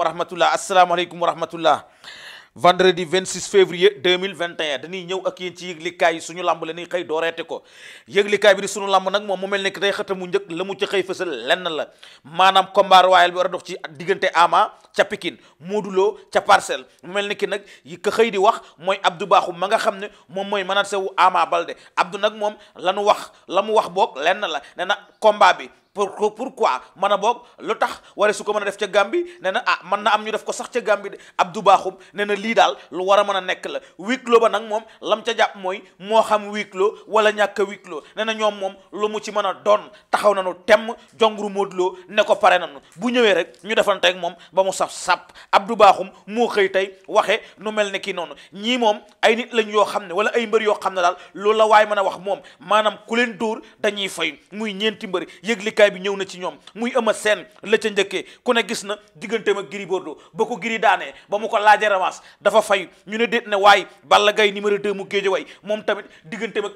wa rahmatullah vingt wa rahmatullah vendredi 26 février 2021 dañuy ñëw ak yéen ci yëglikaay yi suñu làmb la ñuy xëy dooreete ko yëglikaay bi di suñu làmb nag moom mu mel ne ki tey xëtamu njëkk la mu ca xëy fësal lenn la maanaam combat royal bi war a dox ci diggante Ama ca Pikine ca Parcelles mu mel ni ki nag yi ka xëy di wax mooy Abdou Bakhoum ma nga xam ne moom mooy manaat sewu Ama Baldé Abdou nag moom la nu wax la mu wax boog lenn la nee na combat bi pour pourquoi man a boog lu tax ware su ko mën a def ca Gàmbi nee na ah, man na am ñu def ko sax ca Gàmbi de Abdou Bakhoum nee na lii daal lu war a man a nekk la huis clos ba nag moom lam ca jàpp mooy moo xam huis clos wala ñàkk a huis clos nee na ñoom moom lu mu ci mën a donn taxaw nañu temm jongru Modou Lo ne ko pare nañu bu ñëwee rek ñu defante moom ba mu saf sap Abdou baaxum moo xëy tey waxe nu mel ne kii noonu ñii moom ay nit lañ yoo xam ne wala ay mbër yoo xam ne daal loolu la waay mën a wax moom maanaam ku leen dóor dañuy yëglikaay bi ñëw na ci ñoom muy Eumeu Sène la ca njëkkee ku ne gis na digganteem ak Gris Bordeaux ba ko Gris daanee ba mu ko laajee revanche dafa fay ñu ne déet ne waaye Balla Gaye numéro 2 mu géej way moom tamit digganteem ba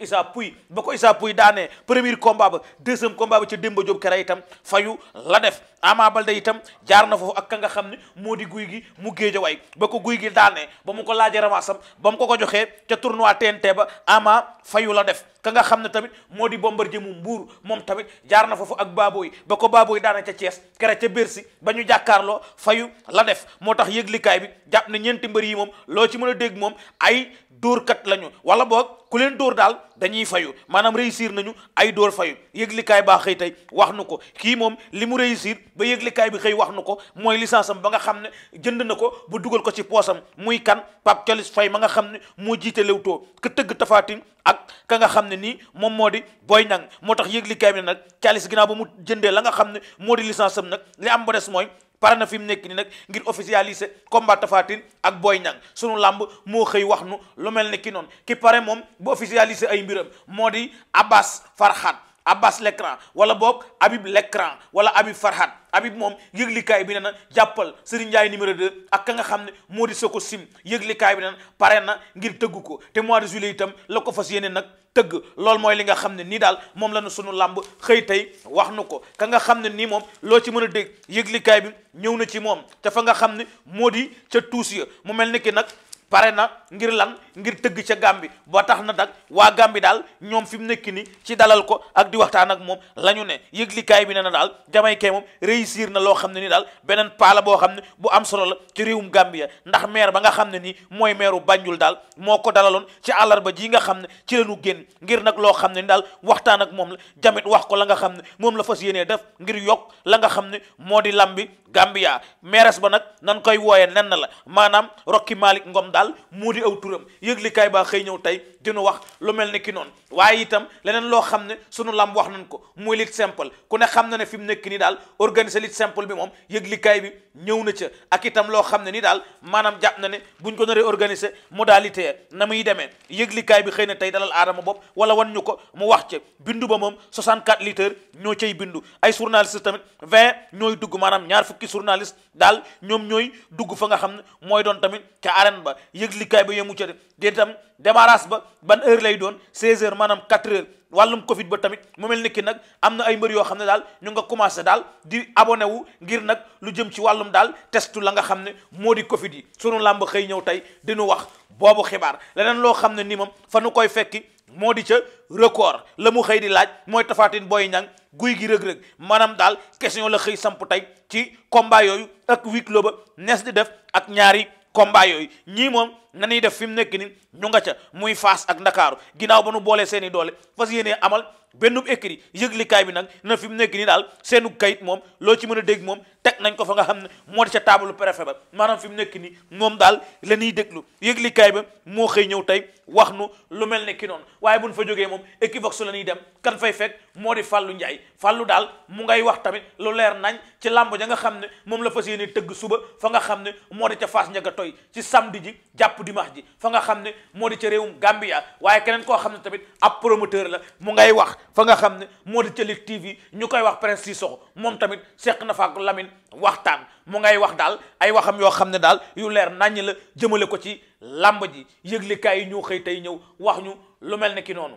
ko Issa Pouye daanee premier combat ba deuxième combat ba ca Demba Diop kera itam fayu la def Ama na foofu ak ka nga ne moo di guy gi mu géej way ba ko guy gi ba mu ko laajee revanche am ba mu ko ko joxee ca tournoi TNT ba Ama fayu la def ka nga xam ne tamit moo di Bombardier mu mbuur moom tamit jaar na foofu ak Baboy ba ko Baboy daana ca Thiès kere ca Bercy ba ñu jàkkaarloo fayu la def moo tax yëglikaay bi jàpp na ñeenti mbër yi moom loo ci mën a dégg moom ay dóorkat lañu wala boog ku leen door daal dañuy fayu maanaam réussir nañu ay dóor fayu yëglikaay baa xëy tey wax nu ko kii moom li mu réussir ba yëglikaay bi xëy wax nu ko mooy licence am ba nga xam ne jënd na ko bu dugal ko ci poosam muy kan pap Thialis Faye ma nga xam ne moo jiite Leewtoo ka tëgg tafaatin ak ka nga xam ne nii moom moo di booy Niang moo tax yëglikaay bi nag Thialis ginnaaw ba mu jëndee la nga xam ne moo di licence am nag li am ba mooy pare na fi mu nekk nii nag ngir officialiser combat Tafatine ak Boy Niang sunu làmb moo xëy wax nu lu mel ne ki noonu ki pare moom bu officialiser ay mbiram moo di Abbas Farhat Abbas l'écran wala boog Habib l'écran wala Habib Farhat Habib moom yëglikaay bi ne na jàppal Serigne Ndiaye numéro 2 ak ka nga xam ne moo di Soko Sim yëglikaay bi ne na pare na ngir tëggu ko te mois de juillet itam la ko fas yeneen nag. tëgg loolu mooy li nga xam ne nii daal moom la nu sunu làmb xëy tey wax nu ko ka nga xam ne nii moom loo ci mën a dégg yëglikaay bi ñëw na ci moom te fa nga xam ne moo di ca tuus ya mu mel ni ki nag pare na ngir lan ngir tëgg ca Gàmbi ba tax na nag waa Gàmbi daal ñoom fi mu nekk ni ci dalal ko ak di waxtaan ak moom la ñu ne yëglikaay bi ne na daal jamaykee moom réussir na loo xam ne ni daal beneen paala boo xam ne bu am solo la ci réewum Gambia ndax maire ba nga xam ne nii mooy maireu Banjul daal moo ko dalaloon ci ba ji nga xam ne ci la ñu génn ngir nag loo xam ne ni daal waxtaan ak moom la jamit wax ko la nga xam ne moom la fas yenee def ngir yokk la nga xam ne moo di lambi Gambia maires ba nag nan koy wooyee nen na la maanaam Rocky Malick Ngom daal moo di aw turam yëglikaay baa xëy ñëw tey dinu wax lu mel ni ki noonu waaye itam leneen loo xam ne sunu lamb wax nañ ko muy lit simple ku ne xam na ne fi mu nekk nii daal organiser lit simple bi moom yëglikaay bi ñëw na ca ak itam loo xam ne ni daal maanaam jàpp na ne buñ ko naree organiser modalité na muy demee yëglikaay bi xëy na tey dalal aadama bopp wala wan ñu ko mu wax ca bindu ba moom 64 litres ñoo cay bindu ay journaliste tamit 20 ñooy dugg maanaam ñaar fukki journaliste daal ñoom ñooy dugg fa nga xam ne mooy doon tamit ca arène ba yëglikaay ba yemu ca di itam ba ban heure lay doon 16 heures maanaam 4 heures wàllum Covid ba tamit mu mel ni ki nag am na ay mbër yoo xam ne daal ñu nga commencé daal di abonné wu ngir nag lu jëm ci wàllum daal testu la nga xam ne moo di Covid yi sunu làmb xëy ñëw tey di nu wax boobu xibaar leneen loo xam ne ni moom fa nu koy fekki moo di ca record la mu xëy di laaj mooy tafaatin booy ñang guy gi rëg-rëg maanaam daal question la xëy samp tey ci combat yooyu ak huis clos ba nees di def ak ñaari combat yooyu ñii moom na ñuy def fi mu nekk ni ñu nga ca muy Fass ak Ndakaaru ginnaaw ba nu boolee seeni i doole fas yéenee amal bennub écrit yëglikaay bi nag na fi mu nekk nii daal seenu kayit moom loo ci mën a dégg moom teg nañ ko fa nga xam ne moo di ca taabalu préfet ba maanaam fi mu nekk nii moom daal la déglu yëglikaay ba moo xëy ñëw tey wax nu lu mel ne ki waaye buñ fa jógee moom Equivox la ñuy dem kan fay fekk moo di Fallou Ndiaye Fallou daal mu ngay wax tamit lu leer nañ ci làmb ja nga xam ne moom la fas yéene tëgg suba fa nga xam ne moo di ca Fass Ndiaga Toy ci samedi ji jàpp dimanche ji fa nga xam ne moo di ca réewum Gambia waaye keneen koo xam ne tamit ab promoteur la mu ngay wax fa nga xam ne moo di ca Lutte TV ñu koy wax Prince Sissoko moom tamit seq na fa ak Lamine waxtaan mu ngay wax daal ay waxam yoo xam ne daal yu leer naññ la jëmale ko ci làmb ji yëglikaay yi ñoo xëy tey ñëw wax ñu lu mel ne ki noonu.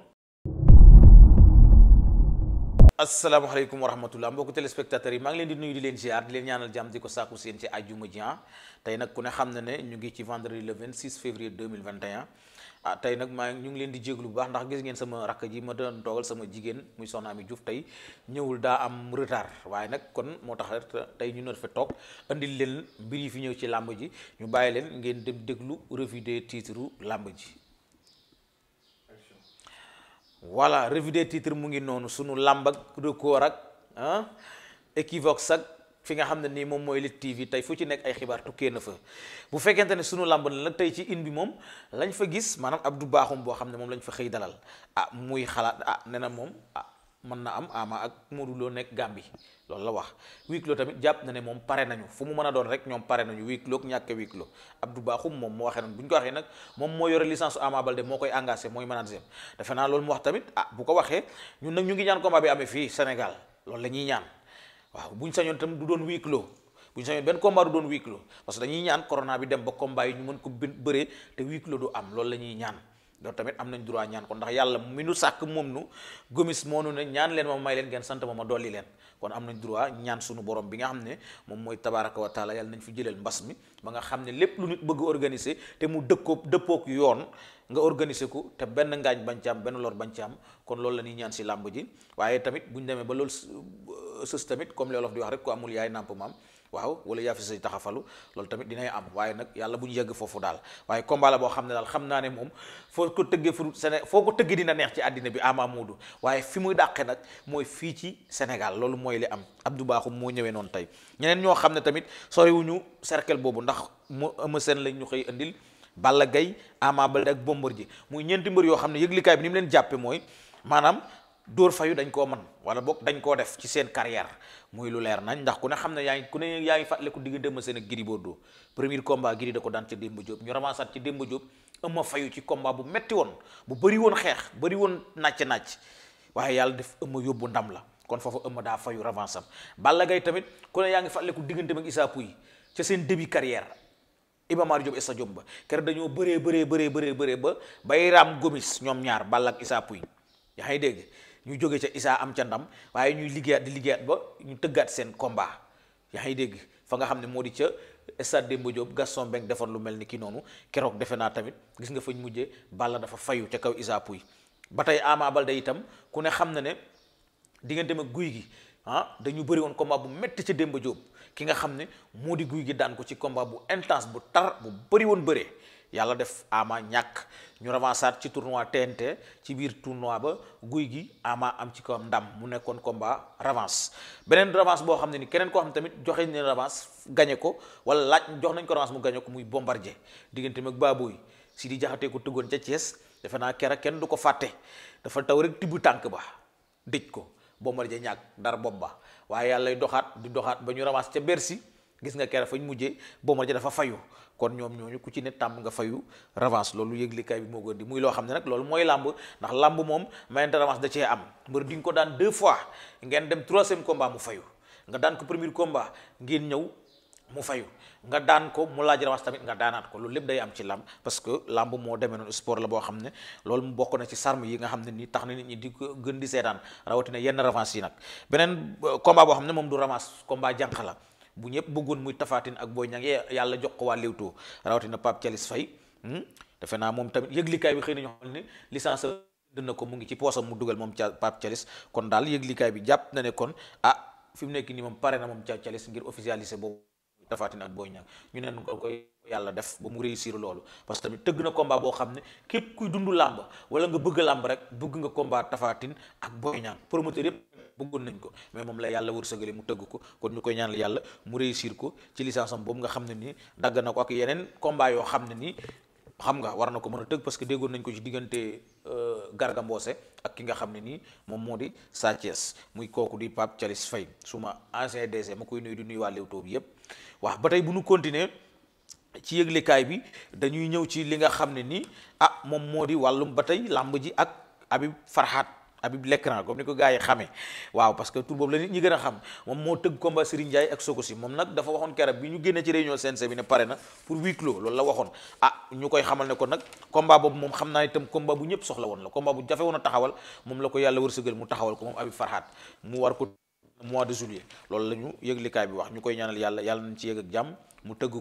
asalaamaaleykum wa rahmatullah mbokku téléspectateurs yi maa ngi leen di nuyu di leen ziar di leen ñaanal jàmm di ko sàkku seen ci àjjuma ji tey nag ku ne xam na ne ñu ngi ci vendredi le 26 février 2021. ah tey nag maa ngi ñu ngi leen di jéglu bu baax ndax gis ngeen sama rakk ji ma doon toogal sama jigéen muy soxna Ami Diouf tey ñëwul daa am retard waaye nag kon moo tax tey ñu nar fa toog andil leen mbir yi fi ñëw ci làmb ji ñu bàyyi leen ngeen dem déglu revue des làmb ji voilà revue des mu ngi noonu sunu làmb ak record ak ah, Equivox ak fi nga xam ne nii moom mooy Lutte TV tey fu ci nekk ay xibaar tukkee na fa bu fekkente ne sunu làmb na nag tey ci in bi moom lañ fa gis maanaam Abdou Bakhoum boo xam ne moom lañ fa xëy dalal ah, muy xalaat ah nee na moom ah, mën na am ama ak Modou Lo Gàmbi loolu la wax huis clos tamit jàpp na ne moom pare nañu fu mu mën a doon rek ñoom pare nañu huis clos ak ñàkk huis clos Abdou Bakhoum moom moo waxee noonu bu ñu ko waxee nag moom moo yore licence Ama Baldé moo koy engagé mooy manager defe naa loolu mu wax tamit a ah, bu ko waxee ñun nag ñu ngi ñaan combat bi amee fii Sénégal loolu la ñuy ñaan waaw bu ñu sañoon tam du doon huis clos bu ñu sañoon benn combat du doon huis clos parce que dañuy ñaan corona bi dem ba combat yi ñu mën ko bëree te huis clos du am loolu la ñuy ñaan loolu tamit am nañ droit ñaan ko ndax yàlla mi nu sàkk moom nu gomis moo nu ne ñaan leen ma may leen ngeen sant ma ma dolli leen kon am nañ droit ñaan sunu borom bi nga xam ne moom mooy tabaraka wa taala nañ fi jëlal mbas mi ba xam ne lépp lu nit bëgg organiser te mu dëkkoo dëppook yoon nga organiser ko te benn ngaañ bañ ci benn lor bañ ci am kon loolu la ñuy ñaan si làmb ji waaye tamit bu ñu demee ba loolu sës tamit comme li Wolof di wax rek ku amul yaay nàmp maam waaw wala yaa fi taxafalu loolu tamit dinay am waaye nag yàlla bu ñu yegg foofu daal waaye combat boo xam ne daal xam naa ne moom foo ko tëggee fu Séné foo ko tëggee dina neex ci àddina bi ama muudu waaye fi muy dàqe nag mooy fii ci Sénégal loolu mooy li am Abdou Bakhoum moo ñëwee noonu tey ñeneen ñoo xam ne tamit soriwuñu cercle boobu ndax mu Eumeu Sène lañ ñu xëy andil Balla Gaye Ama Baldé ak Bombardier muy ñeenti mbër yoo xam ne yëglikaay bi ni mu leen jàppe mooy maanaam dóor fayu dañ koo man wala boog dañ koo def ci seen carrière muy lu leer nañ ndax ku ne xam ne yaa ngi ku ne yaa ngi fàttaliku diggante ma seen ak Gris Bordeaux premier combat Gris da ko daan ci Demba Diop ñu ramassaat ci Demba Diop Eumeu fayu ci combat bu metti woon bu bëri woon xeex bari woon nàcc-nàcc waaye yàlla def Eumeu yóbbu ndam la kon foofu Eumeu daa fayu revanche am Balla Gaye tamit ku ne yaa ngi fàttaliku diggante mag Issa Pouye ca seen début carrière Iba Mar Diop Issa Diop ba kër dañoo bëree bëree bëree bëree bëree ba bay raam Gomis ñoom ñaar Balla ak Issa yaa ngi dégg ñu jóge ca Issa am ca ndam waaye ñuy liggéeyaat di liggéeyaat ba ñu tëggaat seen combat yaa ngi dégg fa nga xam ne moo di ca stade Demba Diop Gaston Mbengue defar lu mel ni ki noonu keroog defe naa tamit gis nga fañ mujjee Balla dafa fayu ca kaw Issa Pouye ba tey Ama Baldé itam ku ne xam na ne diggante ma guy gi ah dañu bëri woon combat bu métti ca Demba Diop. ki nga xam ne moo di guy gi daan ko ci combat bu intense bu tar bu bëri woon bëree yàlla def ama ñàkk ñu ravançaat ci tournoi tente ci biir tournoi ba guy gi ama am ci kawam ndam mu nekkoon combat revanche beneen revanche boo xam ne ni keneen koo xam ne tamit joxe nañ revanche gañe ko wala laaj jox nañ ko revanche mu gañe ko muy bombardier diggante mag baabooy si di jaxatee ko tëggoon ca Thiès defe naa kera kenn du ko fàtte dafa taw rek tibb tànk ba dëj ko bombardier ñàkk dara bopp ba waaye yàlla doxaat di doxaat ba ñu ramasse ca Bercy gis nga kere fañ mujjee Bombardier dafa fayu kon ñoom ñooñu ku ci ne tàmm nga fayu revanche loolu yëglikaay bi moo gën di muy loo xam ne nag loolu mooy làmb ndax làmb moom mayente revanche da cee am mbër di ko daan deux fois ngeen dem troisième combat mu fayu nga daan ko premier komba ngeen ñëw mu fayu nga daan ko mu laaj rawaas tamit nga daanaat ko loolu lépp day am ci làmb parce que làmb moo demee noonu sport la boo xam ne loolu mu bokk na ci sarme yi nga xam ne ni tax na nit ñi di ko gën di seetaan rawatina yenn revanche yi nag beneen euh, combat boo xam ne moom du revanche combat jànq la bu ñëpp bëggoon muy tafaatin ak booy ña ngi yàlla jox ko waa Leewtoo rawatina Pape Thialis Faye hmm? defe naa moom tamit yëglikaay bi xëy na ñu xam ne licence dina ko mu ngi ci poosam mu dugal moom ca Pape Thialis kon daal yëglikaay bi jàpp na ne kon ah nekk nii moom pare na moom ca Thialis boobu Tapha Tine ak Boy Niang ñu neen ko koy yàlla def ba mu réussir loolu parce que tamit tëgg na combat boo xam ne képp kuy dund làmb wala nga bëgg làmb rek bëgg nga combat Tapha Tine ak Boy Niang promoteur yëpp bëggoon nañ ko mais moom la yàlla sëgalee mu tëgg ko kon ñu koy ñaanal yàlla mu réussir ko ci licence boobu nga xam ne nii dagg na ko ak yeneen combat yoo xam ne nii xam nga war na ko mën a tëgg parce que déggoon nañ ko ci diggante euh, Garga Mbossé ak ki nga xam ne nii moom moo di Sa Thiès muy kooku di Pape Thialis Faye suma ancien DC ma koy nuyu di nuy waa Leewtoo bi yépp waaw ba tey bu nu continuer ci yëglekaay bi dañuy ñëw ci li nga xam ne nii ah moom moo di wàllum ba tey làmb ji ak Habib Farhat Habib l'écran comme ni ko gars yi xamee waaw parce que tur boobu la nit ñi gën a xam moom moo tëgg combat Serigne Ndiaye ak Sokosi moom nag dafa waxoon keroog bi ñu génnee ci réunion CNG bi ne pare na pour huis clos loolu la waxoon ah ñu koy xamal ne ko nag combat boobu moom xam naa itam combat bu ñëpp soxla woon la combat bu jafe woon a taxawal moom la ko yàlla wërsëgal mu taxawal ko moom Habib Farhat mu war ko mois de juillet loolu la ñu yëglikaay bi wax ñu koy ñaanal yàlla yàlla nañ ci yëg ak jàmm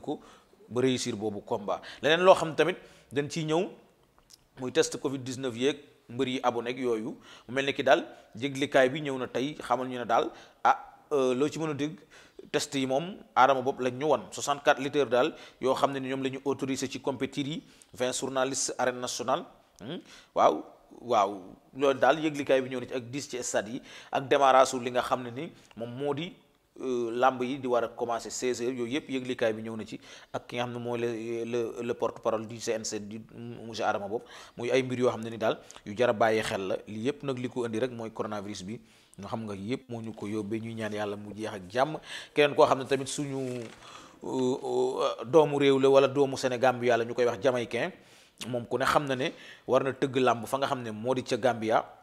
ko ba boobu combat leneen loo xam tamit dañ ciy ñëw muy test covid 19 yeeg mbër yi abonné ak yooyu mu mel ni ki daal jéglikaay bi ñëw na tey xamal ñu ne daal ah euh, loo ci mën a dégg test yi moom aadama bopp lañ ñu won 64 litres daal yoo xam ne ni ñoom lañu autorisé ci compétir yi 20 journalistes arène nationale hmm, waaw waaw loolu daal yëglikaay bi ñëw na ci ak 10 ci stade yi ak démarrage li nga xam ne ni moom moo di Euh, làmb yi di war a commencer 16 heures yooyu yëpp yëglikaay bi ñëw na ci ak ki nga xam ne mooy le le porte parole du CNC di monsieur Adama boobu muy ay mbir yoo xam ne ni daal yu jar a bàyyi xel la lii yëpp nag li ko indi rek mooy coronavirus bi ñu xam nga yëpp moo ñu ko yóbbee ñuy ñaan yàlla mu jeex ak jàmm keneen koo xam ne tamit suñu euh, doomu réew la wala doomu Sénégal bi yàlla ñu koy wax jamaïcain moom ku ne xam na ne war na tëgg làmb fa nga xam ne moo di ca Gambia.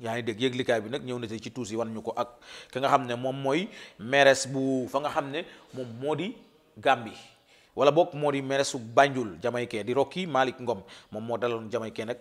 yaa ngi dégg yëglikaay bi nag ñëw na ci tuus yi wan ñu ko ak ka nga xam ne moom mooy maires bu fa nga xam ne moom moo di gàmbi wala bokk moo di maires su Banjul Jamaïcain di Rocky malik Ngom moom moo daloon jamay Jamaïcain nag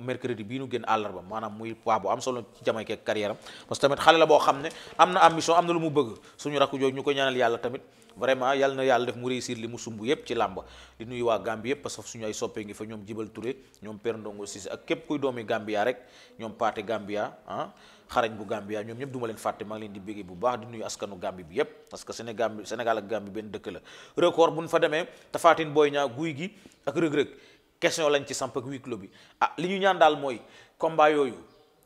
mercredi bii nu génn àllarba maanaam muy poids bu am solo ci jamay keek carrière am parce que tamit xale la boo xam ne am na ambition am na lu mu bëgg suñu rakk jooju ñu ko ñaanal yàlla tamit vraiment yàlla na yàlla def mu réussir li mu sumb yépp ci làmba di nuyu waa Gambie yépp parce suñu ay soppee ngi fa ñoom Jibal Touré ñoom Père Ndongo Cissé ak képp kuy doomi Gambia rek ñoom Paate Gambia ah, xarañ bu Gambia ñoom ñëpp duma leen fàtte maa ngi leen di bégee bu baax di nuyu askanu question lañ ci samp ak huis bi ah li ñu ñaan daal mooy combat yooyu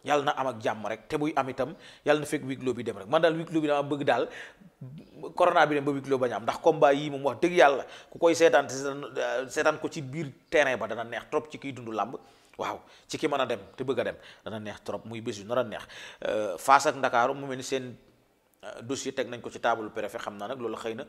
yàlla na am ak jàmm rek te buy am itam yàlla na fekk huis bi dem rek man daal huis clos bi dama bëgg daal corona bi dem ba huis clos bañ am ndax combat yii moom wax dëgg yàlla ku koy seetaan euh, seetaan ko ci biir terrain ba dana neex trop ci kiy dundu làmb waaw ci ki mën a dem te bëgg dem dana neex trop muy bés yu nar a neex euh, Fass ak Ndakaaru mu mel ni seen euh, dossier teg nañ ko ci table préfet xam naa nag loolu xëy na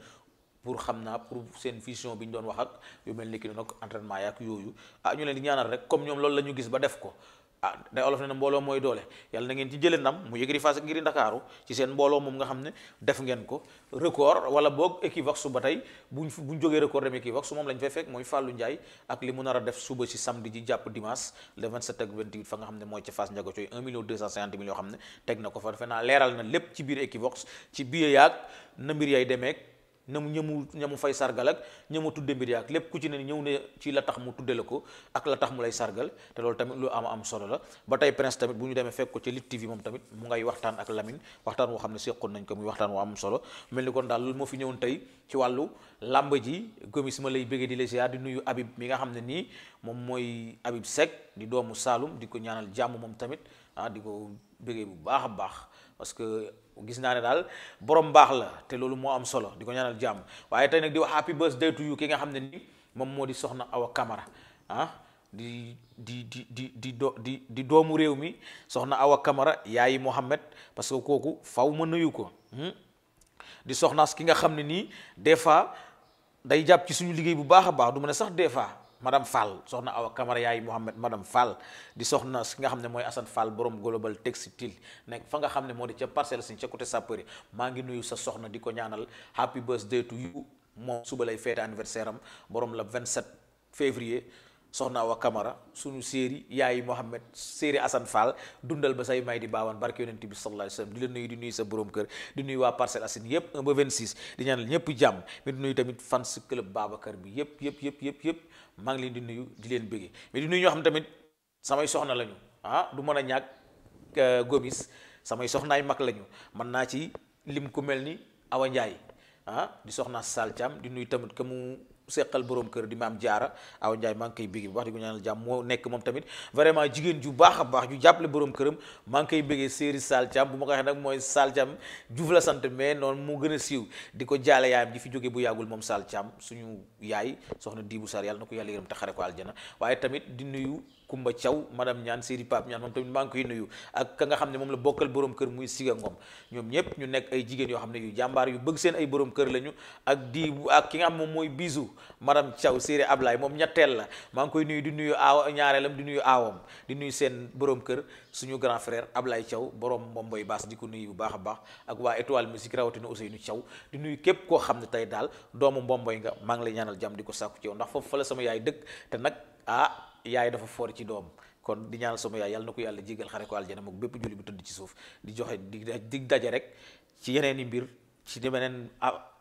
pour xam naa pour seen vision bi ñu doon wax ak mel ni ki noonu ak entraînement yaak yooyu ah ñu leen di ñaanal rek comme ñoom lool la ñu gis ba def ko ah day olof ne na mbooloo mooy doole yàlla na ngeen ci jëlee ndam mu yëgri Fass ak ngiri Ndakaaru ci seen mbooloo moom nga xam ne def ngeen ko record wala boog Equivox su ba tey buñ buñ jógee record dem Equivox su moom lañ fay fekk mooy Fallou Ndiaye ak li mu nar a def suba si samedi ji jàpp dimanche le 27 ak 28 fa nga xam mooy ca Fass Ndiago Coy 1 million 250 mille yoo xam na leeral na lépp ci biir Equivox ci na mu mu ñamu mu fay sargal ak ñamu tudde mbir ak lépp ku ci ne ñëw ne ci la tax mu tuddee la ko ak la tax mu lay sargal te loolu tamit lu am am solo la ba tey prince tamit bu ñu demee fekk ci Lutte TV moom tamit mu ngay waxtaan ak Lamine waxtaan woo xam ne seqoon nañ ko muy waxtaan woo am solo mel ni kon daal loolu moo fi ñëwoon tey ci wàllu làmba ji gomis ma lay bëggee di la ziar di nuyu Habib mi nga xam ne nii moom mooy Habib Seck di doomu Saalum di ko ñaanal jàmm moom tamit ah di ko bëggee bu baax a baax parce que gis naa ne daal borom baax la te loolu moo am solo di ko ñaanal jàmm waaye tey nag di wax happy birthday to you ki nga xam ne nii moom moo di soxna Awa Kamara ah di di di di di do di di doomu réew mi soxna Awa Kamara yaayi Mohammed parce que kooku faw ma nuyu ko hmm? di soxnaas ki nga xam ne nii des fois day jàpp ci suñu liggéey bu baax a baax du ma ne sax des fois madame Fall soxna Awa Kamara yaay Mouhamed madame Fall di soxna si nga xam ne mooy Assane Fall borom global textile nekk fa nga xam ne moo di ca parcelle sin ca côté sapeur maa ngi nuyu sa soxna di ko ñaanal happy birthday to you moom suba lay fête anniversaire am boroom la 27 février soxna wa Kamara suñu séeri yaayi Mohamed séeri Assane Fall dundal ba say may di baawaan barke yonent bi sallallahu alayhi wasallam di la nuyu di nuyu sa borom kër di nuyu waa Parcelles Assainies yëpp 1 ba 26 di ñaanal ñëpp jàmm mais di tamit fans club Babacar bi yëpp yëpp yëpp yëpp yëpp leen di nuyu di leen bëggee mais di nuyu ñoo xam tamit samay soxna lañu ah, du mën a ñàkk euh, Gomis samay soxnaay mag lañu mën naa ci lim ku mel ni Awa Ndiaye ah di soxna Sall Thiam di tamit ka mu seqal borom kër di maam jaara aw Ndiaye maa ngi koy bu baax di ko ñaanal jàmm moo nekk moom tamit vraiment jigéen ju baax a baax ju jàppale borom këram maa ngi koy bégee séeri Sall Thiam bu ma ko waxee nag mooy Sall Thiam Diouf la sant mais noonu mu gën a siiw di ko jaale yaayam di fi jóge bu yàggul moom Sall Thiam suñu yaay soxna Diibu Sall yàlla na ko yàlla yërëm taxare ko aljana waaye tamit di nuyu Kumba Thiaw madame Niane Seydi Pape Niane moom tamit maa ngi koy nuyu ak ka nga xam ne moom la bokkal borom kër muy Siga Ngom ñoom ñëpp ñu nekk ay jigéen yoo xam ne yu jàmbaar yu bëgg seen ay borom kër lañu ak di ak ki nga xam moom mooy bisu madame Thiaw moom ñetteel la maa ngi koy nuyu di nuyu aaw ñaareelam di nuyu aawam di nuyu seen borom kër suñu grand frère Ablaye Thiaw borom Mbomboy Baas di ko nuyu bu baax a baax ak waa étoile musique rawatina Ousseynou Thiaw di nuyu képp koo xam ne tey daal doomu Mbomboy nga maa ngi lay ñaanal jàmm di ko sàkku ci yow ndax foofu fa la yaay dëkk yaay dafa foor ci doom kon di ñaanal sama yaay yàlla na ko yàlla jégal xare ko aljana mook bépp julli bu tëdd ci suuf di joxe di dig daje rek ci yeneen mbir ci beneen ah,